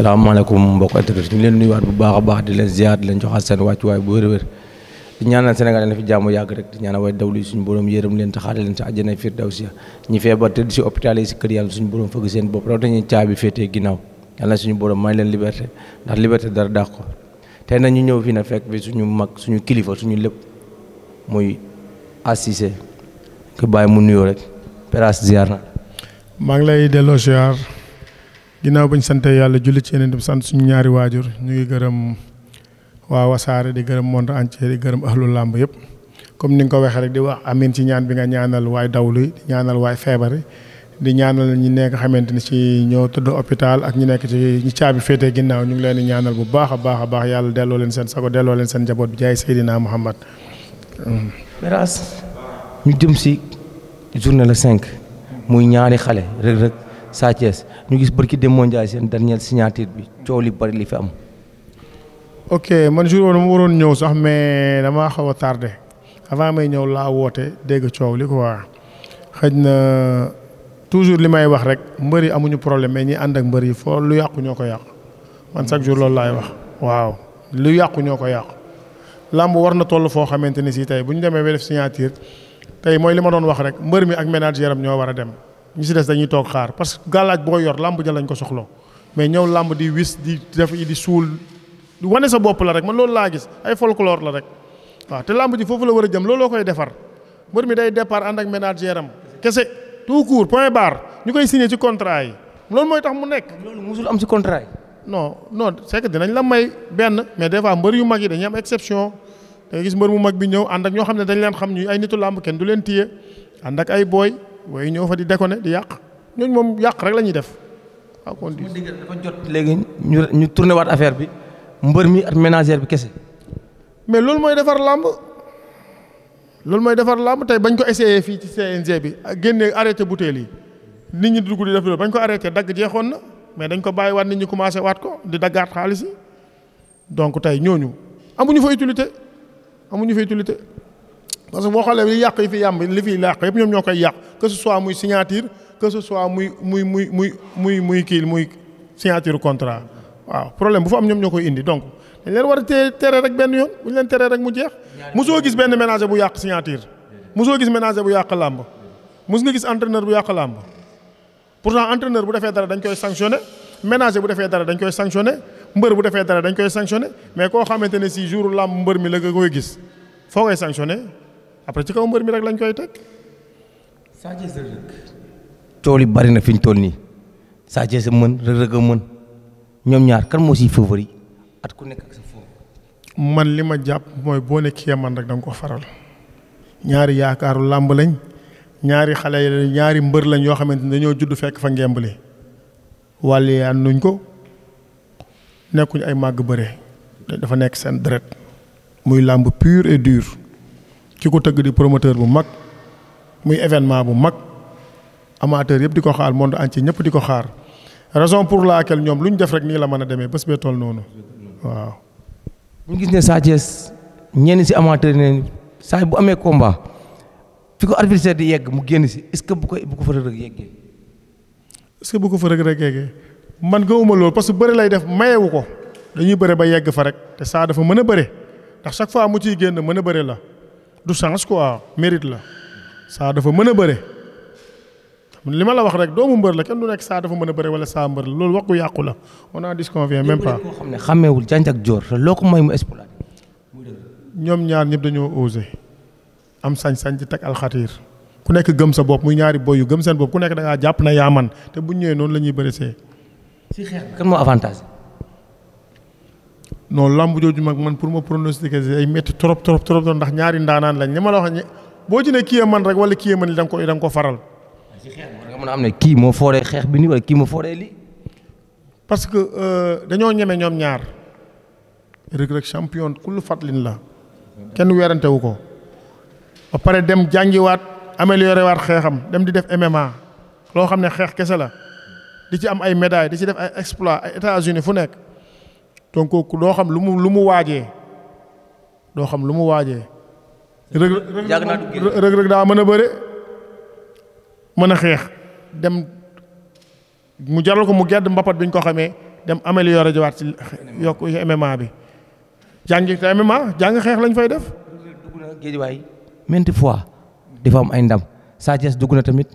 salaamaaleykum mbokk internet ñu ngi leen nuyuwaat bu baax a baax di leen ziar di leen joxaat seen wàccuwaay bu wér-wér di ñaanal Sénégal na fi jàmm yàgg di si àjjana ñi feebar yi si kër yàlla suñu borom fëgg seen bopp rawatina ñu caabi ñu ñëw fii na fekk fi suñu mag suñu kilifa suñu lépp muy assisé ko bàyyi mu nuyoo rek pérage ziar na maa lay delloo ziar ginnaaw ñu sante yàlla julli ci yeneen di sant suñu ñaari waajur ñu ngi gërëm waa wasaare di gërëm monde entier di gërëm ahlu làmb yëpp comme ni nga ko waxee rek di wax amin ci ñaan bi nga ñaanal waay dawlu di ñaanal waay feebar di ñaanal ñi nekk xamante ni ci ñoo tëdd hôpital ak ñi nekk ci ñi caabi féetee ginnaaw ñu ngi leen di ñaanal bu baax a baax a yàlla delloo leen seen sago delloo leen seen njaboot bi jaay Seydina Muhammad si journée la cinq muy ñaari xale Sa ñu gis barki dem Ndiaye seen dernière signature bi coow li bari li fi am. ok man jour dama waroon ñëw sax mais damaa xaw a tardé avant may ñëw laa woote dégg coow li ko waa xëj na toujours li may wax rek mbër yi amuñu problème mais ñi ànd ak mbër yi foo lu yàqu ñoo ko yàqu man chaque jour loolu laay wax waaw lu yàqu ñoo ko yàqu. làmb war na toll foo xamante ni sii tey bu ñu demee ba def signature tey mooy li ma doon wax rek mbër mi ak ménagère am ñoo war a dem. ñu si des dañuy toog xaar parce que gàllaaj boo yor làmb ja lañ ko soxloo mais ñëw làmb di wis di def di suul wane sa bopp la rek man loolu laa gis ay folklore la rek waaw te làmb ji foofu la war a jëm loo koy defar mbër mi day départ ànd ak ménagère am kese tout court point barre ñu koy signé ci contrat yi loolu mooy tax mu nekk. loolu musul am ci contrat yi. non non c'est que dinañ la may benn mais des fois mbër yu mag yi dañu am exception da nga gis mbër mu bi ñëw ànd ñoo xam ne dañ leen xam ñu ay nitu làmb kenn du leen téye ànd ak ay booy. waaye ñëw fa di déconné di yàq ñooñu moom yàq rek la ñuy def. waaw kon di dafa léegi ñu ñu tourné waat affaire bi mbër mi ak ménagère bi kese. mais loolu mooy defar làmb loolu mooy defar làmb tey bañ ko essayé fii ci CNG bi génne arrêté butéel yi nit ñi dugg di def loolu bañ ko arrêté dagg jeexoon na mais dañ ko bàyyi waat nit ñi commencé waat ko di daggaat xaalis yi donc tey ñooñu amuñu fa utilité amuñu fa utilité. parce que boo xoolee li yàq yi fi yàmb li fi yàq yëpp ñoom ñoo koy yàq que ce soit muy signature que ce soit muy muy muy muy muy muy kii muy signature contrat waaw problème bu fa am ñoom ñoo koy indi donc dañ leen war a tere rek benn yoon bu ñu leen teree rek mu jeex. mosoo gis benn ménager bu yàq mu soo gis ménager bu yàq làmb. mos nga gis entraîneur bu yàq làmb. pourtant entraîneur bu defee dara dañ koy sanctionné ménager bu defee dara dañ koy sanctionné mbër bu defee dara dañ koy sanctionné mais koo xamante ne si jour làmb mbër mi la nga koy gis foo koy après ci kaw mbër mi rek lañ koy teg. Sa Thiès Reug Reug. tool yi bari na fi ñu toll nii Sa Thiès mën Reug Reug a mën ñoom ñaar kan moo siy favori at ku nekk ak sa foofu. man li ma jàpp mooy boo nekkee man rek da ko faral. ñaari yaakaaru làmb lañ ñaari xale yi ñaari mbër lañ yoo xamante ni dañoo judd fekk fa ngemb li wàll nuñ ko nekkuñu ay màgg bëre dafa nekk seen deret muy làmb pur et dur. ci ko tëgg di promoteur bu mag muy événement bu mag amateur yëpp di ko xaar monde entier ñëpp di ko xaar raison pour laquelle ñoom lu ñu def rek nii la mën a demee bés bee toll noonu waaw. mu gis ne Sa Thiès ñenn si amateur ne saa bu amee combat fi ko adversaire di yegg mu génn si est-ce que bu ko bu ko fa rëg yeggee. est bu ko fa rëg rek yeggee man gëmuma loolu parce que bëri lay def mayewu ko dañuy bëre ba yegg fa rek te saa dafa mën a bëre ndax chaque fois mu ciy génn mën a bëre la. du chance quoi mérite la saa dafa mën a bëre li ma la wax doo doomu mbër la kenn du nekk saa dafa mën a bëre wala saa mbër la loolu wax ku yàqu la on a disconvient même pas. koo xam ne xàmmeewul jànj ak joor loo ko mooy mu exploité. ñoom ñaar ñëpp dañoo osé am sañ-sañ ci teg alxatiir ku nekk gëm sa bopp muy ñaari boy yu gëm seen bopp ku nekk dangaa jàpp na yaaman te bu ñëwee noonu la ñuy bëre see. si xeex kan non lamb jooju mag man pour ma pronostiquer ay métti trop trop trop ndax ñaari ndaanaan lañ li ma boo ci ne kii man rek wala kii man li da nga ko da ko faral. ci xeex a am ne kii moo fooree xeex bi nii wala kii moo fooree lii. parce que euh, dañoo ñeme ñoom ñaar Reug Reug champion fatlin la kenn weerante wu ko ba pare dem jàngiwaat amélioré waat xeexam dem di def MMA loo xam ne xeex kese la di ci am ay médailles di ci def ay exploits ay États-Unis fu nekk. donc kooku doo xam lu mu lu mu waajee doo xam lu mu waajee. rëg rëg rëg daa mën a bëre mën a xeex dem mu jaral ko mu gedd mbapat bi ko xamee dem amélioré jiwaat ci yokk MMA bi jàngi te MMA jàngi xeex lañ fay def. dugg na géejuwaay maintes fois dafa am ay ndam Sa Thiès dugg na tamit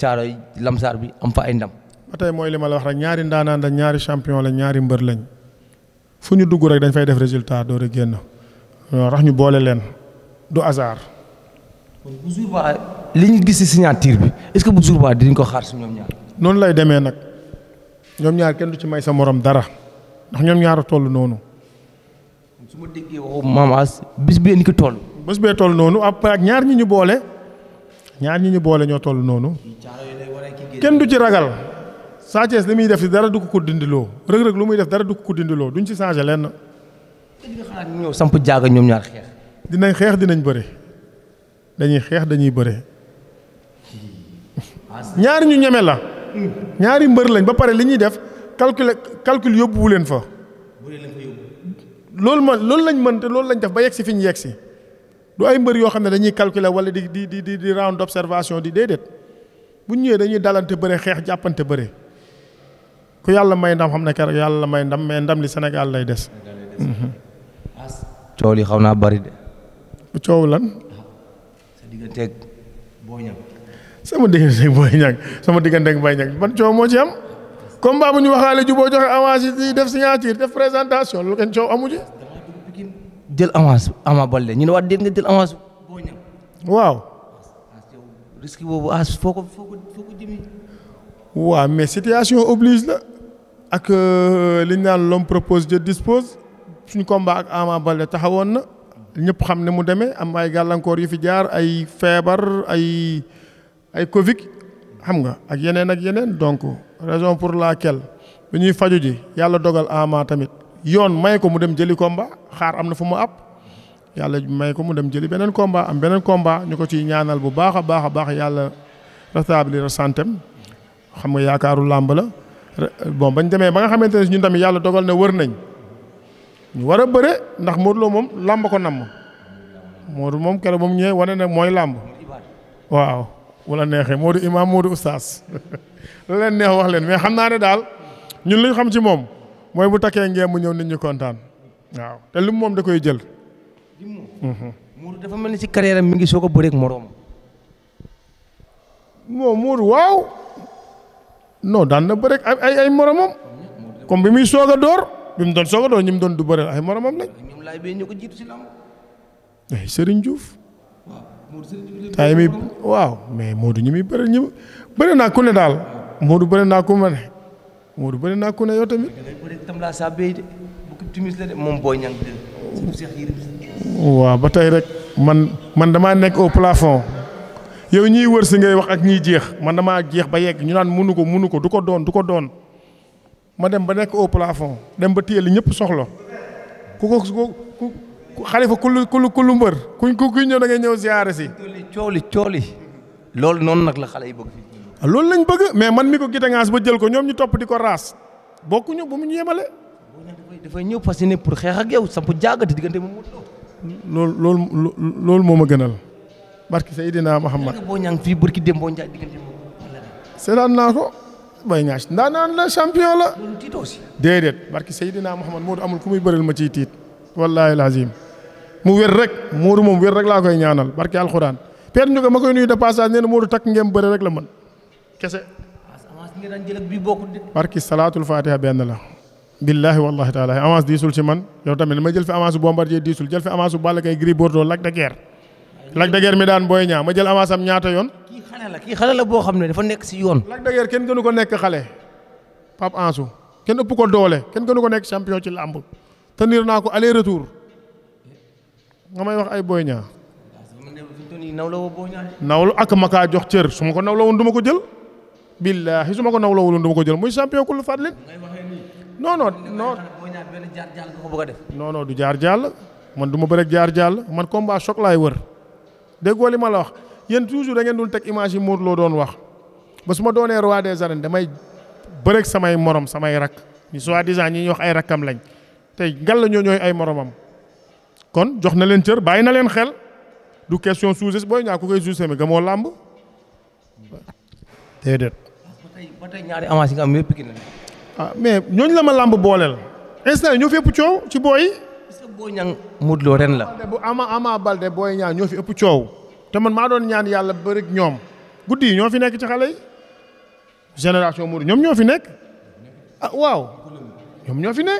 caaro lamsaar bi am fa ay ndam. ba tey mooy li ma la wax rek ñaari ndaanaan ñaari champion la ñaari mbër lañ. fu ñu dugg rek dañ fay def résultat door a génn rax ñu boole leen du hasard. bu jour li ñu gis si siñaatiir bi est-ce que bu jour ba dinañ ko xaar si ñoom ñaar. noonu lay demee nag ñoom ñaar kenn du ci may sa morom dara ndax ñoom ñaar toll noonu. su ma déggee waxu bis bee ni ko toll. bés bee toll noonu après ak ñaar ñi ñu boole ñaar ñi ñu boole ñoo toll noonu. kenn du ci ragal. Sa Thiès li muy def dara du ko dindiloo Reug Reug lu muy def dara du ko ko dindiloo duñ ci changé lenn. te di nga xalaat samp jaaga ñoom xeex. dinañ xeex dinañ bëre dañuy xeex dañuy bëre. ñaari ñu ñeme la. ñaari mbër lañ ba pare li ñuy def calcul calcul yóbbuwu leen fa. loolu ma loolu lañ mën te loolu lañ def ba yegg si fi ñu yegg si du ay mbër yoo xam ne dañuy calculer wala di di di di round d'observation di déedéet bu ñu dañuy dalante bëre xeex jàppante bëre. ku yàlla may ndam xam ne keroog yàlla may ndam mais ndam li Sénégal lay des. Mhm. coow li xaw naa bari de. bu coow lan. sa digganteeg Boy sama digganteeg Boy Niang sama digganteeg Boy Niang ban coow moo ci am. combat bu ñu waxaale juboo joxe avance yi def signature def présentation loolu kenn coow amu ci. jël avance Ama Baldé ñu ne waa dégg nga jël avance waaw. mais situation oblige la. ak euh, li ñu naan l'homme propose Dieu dispose suñu combat ak Ama Baldé taxawoon na ñëpp xam ne mu demee am ay gàllankoor yu fi jaar ay feebar ay ay Covid xam nga ak yeneen ak yeneen donc raison pour laquelle bu ñuy faju ji yàlla dogal Ama tamit yoon may ko mu dem jëli combat xaar am na fu mu àpp yàlla may ko mu dem jëli beneen combat am beneen combat ñu ko ciy ñaanal bu baaxa a baax a baax yàlla rétablir santam xam nga yaakaaru làmbala bon bañ demee ba nga xamante ne ñun tamit yàlla dogal na wër nañ ñu war a bëre ndax Modou moom làmb ko namm Modou moom keroog moom ñëwee wane na mooy làmb waaw wala neexee Modou imam Modou oustaz la wax leen mais xam naa ne daal ñun li xam ci moom mooy bu takkee ngeen mu ñëw nit ñi kontaan waaw te lim moom da koy jël. Mhm. Modou dafa mel ni ci carrière am mi ngi soo a bëreeg moroom. Modou waaw. non daan na bëre ak ay ay moromam comme bi muy soog a door bi mu doon soog a door ñi mu doon du bëre ay moromam lañ. ñoom laay bee ñu ko jiitu si lamb. ay eh, Serigne waaw mais Modou ñi muy bëre ñi bëre naa ku daal Modou bëre naa ku ma ne Modou bëre naa ku ne yow tamit. waaw ba tey rek man man damaa nekk au plafond. yow ñiy wër si ngay wax ak ñiy jeex man damaa jeex ba yegg ñu naan mënu ko munu ko du ko doon du ko doon ma dem ba nekk au plafond dem ba téye li ñëpp soxla ku ko ku xalifa ku ku ku mbër kuñ ku ñëw da ngay ñëw ziare si. cooli cooli loolu noonu nag la xale yi bëgg. loolu lañ bëgg mais man mi ko gitangaas ba jël ko ñoom ñu topp di ko raas bokkuñu ba mu ñu yemale. dafay ñëw fas yéene pour xeex ak yow samp jaagati diggante mu loolu loolu loolu moo ma gënal. barki Seydina Muhammad boo ñang fii barki dem boo njaay diggante seetaan naa ko bay ñaas ndaanaan la champion la déedéet barki Seydina Muhammad Modou amul ku muy bëril ma ciy tiit wallaahi lazim mu wér rek Modou moom wér rek laa koy ñaanal barki alxuraan Père Ndiouga ma koy nuyu de passage nee na Modou takk ngeen bëri rek la mën kese barki salaatul fatiha benn la billahi wallahi taala avance diisul ci man yow tamit ma jël fi avance bu Bombardier diisul jël fi avance bu Balla Gris Lac de Guiers mi daan Boy Niang ma jël avance am ñaata yoon. kii xale la kii xale la boo xam ne dafa nekk si yoon. Lac de kenn gënu ko nekk xale Pape Ansou kenn ëpp ko doole kenn gënu ko nekk champion ci làmb tenir naa ko aller retour nga may wax ay Boy Niang. nawlu ak ma kaa jox cër su ma ko nawloo woon du ma ko jël. billaahi su ma ko nawloo woon du ma ko jël muy champion ku lu faat leen. non non du jaar jàll man du ma bëreeg jaar jàll man combat choc laay wër. déggoo li ma la wax yéen toujours da ngeen dul teg image yi Modou doon wax ba su ma doonee roi des arènes damay bëreeg samay morom samay rak soit soi-disant ñi ñu wax ay rakkam lañ tey ngal la ñoo ñooy ay moromam. kon jox na leen cër bàyyi na leen xel du question suuse booy ñaa ku koy suuse mi gëmoo làmb. déedéet. ba tey ñaari avance yi nga am yëpp ah mais ñooñu la ma làmb booleel instant ñoo fépp coow ci booy est-ce que Boy ren la. bu ama ama Balde booy Niang ñoo fi ëpp coow te man maa doon ñaan yàlla bëri ñoom guddi yi ñoo fi nekk ci xale yi génération Modou ñoom ñoo fi nekk ah waaw ñoom ñoo fi ne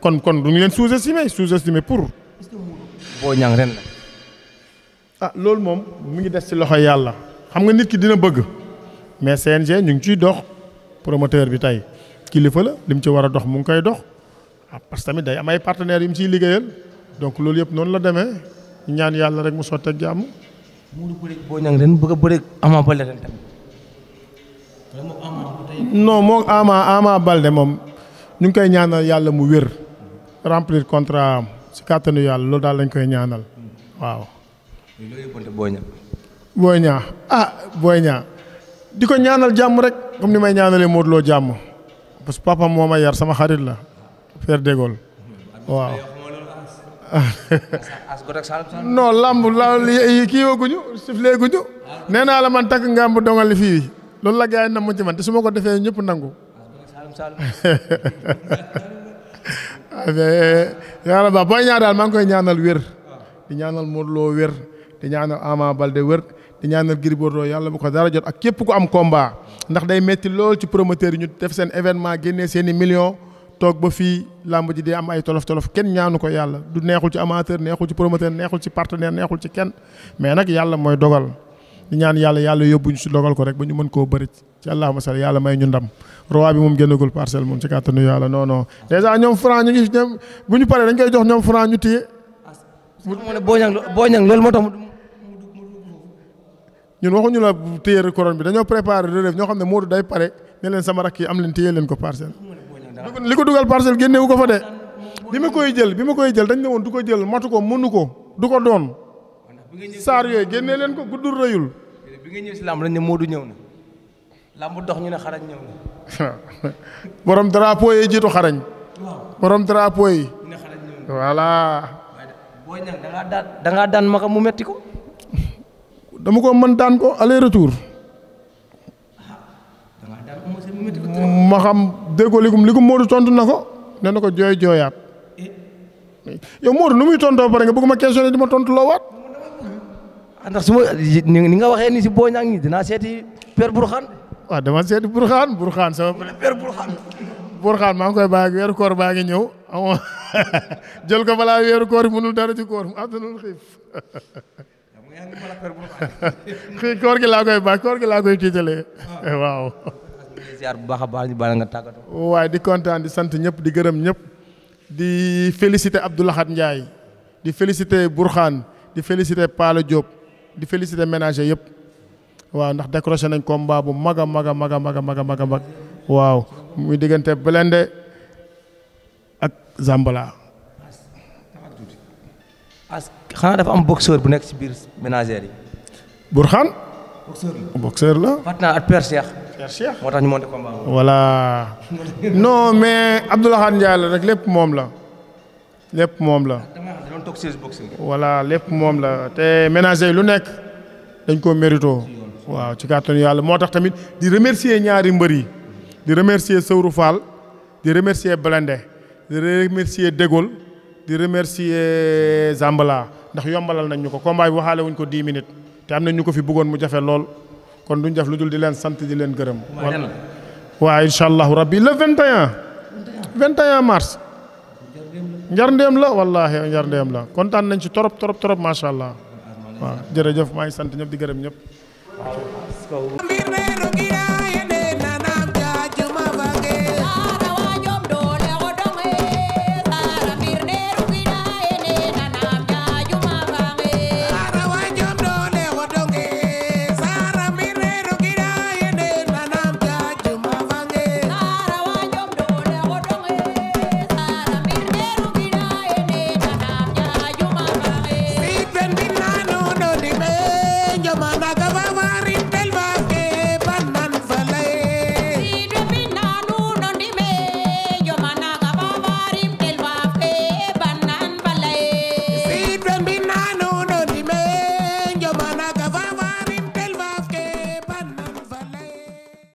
kon kon du ñu leen sous-estimer sous-estimer pour. est-ce que Boy ren la. ah loolu moom mu ngi des ci loxo yàlla xam nga nit ki dina bëgg mais CNG ñu ngi ciy dox promoteur bi tey kilifa la lim ci war a dox mu ngi koy dox. Ah, parce que tamit day am ay partenaires yu mu ciy liggéeyal donc loolu yëpp noonu la demee ñaan yàlla rek mu sotteeg jàmm. mu ngi bëri boo ñang bëgg bëri Ama Baldé ren tamit. non moom moom ñu ngi koy ñaanal yàlla mu wér remplir contrat am si kàttanu yàlla loolu daal lañ koy ñaanal waaw. booy ñaa ah booy ñaa di ko ñaanal jàmm rek comme ni may ñaanalee Modou Lo jàmm parce papa moo ma yar sama xarit la. Pierre de Gaulle waaw. lamb la kii wooguñu siflee guñu nee naa la man takk ngamb dongali fii loolu la gars yi na mu ci man te su ma ko defee ñëpp nangu. yàlla baax booy ñaan daal maa ngi koy ñaanal wér di ñaanal Modou Lo wér di ñaanal Ama Balde wér di ñaanal Gris Bordeaux yàlla bu ko dara jot ak képp ku am combat ndax day metti lool ci promoteur yi ñu def seen événement génnee seeni i toog ba fii làmb ji am ay tolof tolof kenn ñaanu ko yàlla du neexul ci amateur neexul ci promoteur neexul ci partenaire neexul ci kenn mais nag yàlla mooy dogal di ñaan yàlla yàlla yóbbuñu si dogal ko rek ba ñu mën koo bëri ci allahuma sal yàlla may ñu ndam roi bi moom génnagul parcelle moom ci kàttanu yàlla non non dèjà ñoom franc ñu ngi ñoom bu ñu paree dañ koy jox ñoom franc ñu téye. loolu moo tax ñun waxuñu la téye couronne bi dañoo préparé relève ñoo xam ne Modou day pare ne leen sama rakk yi am leen téye leen ko parcelle li ko dugal parcelle génne wu ko fa de bi ma koy jël bi ma koy jël dañ ne woon du ko jël matu ko mënu ko du ko doon saar yooyu génne leen ko guddul rëyul dox ñu ne xarañ ñëw na borom drapeau yi jiitu xarañ borom drapeau yi voilà booy daan da mu metti ko dama ko mën daan ko aller retour ah, déggoo ligum ligum Modou tontu na ko nee ko jooy jooyaat yow Modou nu muy tontoo pare nga bëgg ma questionné di ma tontu loo waat. Ah, ndax su ma ni nga waxee ni si booñ ak dinaa seeti Père Bourkhane. waaw dama seeti Bourkhane Bourkhane sama. Père Bourkhane. Bourkhane maa ngi koy bàyyi ak weeru koor baa ngi ñëw amoo jël ko balaa weeru koor yi mënul dara ci koor mu àttanul xiif. koor gi laa koy bàyyi koor gi laa koy tiitalee ah. waaw. ziar bu baax a baax ñu baal nga tàggatoo. waaye di kontaan di sant ñëpp di gërëm ñëpp di féliciter Abdoulahat Ndiaye di féliciter Bourkhane di féliciter Paala Diop di féliciter ménager yëpp waaw ndax décroché nañ combat bu mag a mag a mag a mag mag a mag waaw muy diggante Blende ak Zambala. as xanaa dafa am boxeur bu nekk ci biir ménager yi. Bourkhane. boxeur la Cheikh moo voilà non mais Abdou Lahad Ndiaye la nag lépp moom la lépp moom la. doon toog lépp moom la te ménager lu nekk dañ koo mérito waaw ci kàttanu yàlla moo tax tamit di remercier ñaari mbër yi di remercier Sëwru Fall di remercier Blende di remercier Dégol di remercier Zambala ndax yombalal nañ ñu ko combat bi waxaale wuñ ko dix minutes te am na ko fi buggoon mu jafe lool. kon duñ def lu dul di leen sant di leen gërëm. waaw incha allahu rab le 21. 21 mars. njarndeem la wallaahi njarndeem la kontaan nañ ci torop torop torop macha allah. waaw jërëjëf maa ngi sant ñëpp di gërëm ñëpp.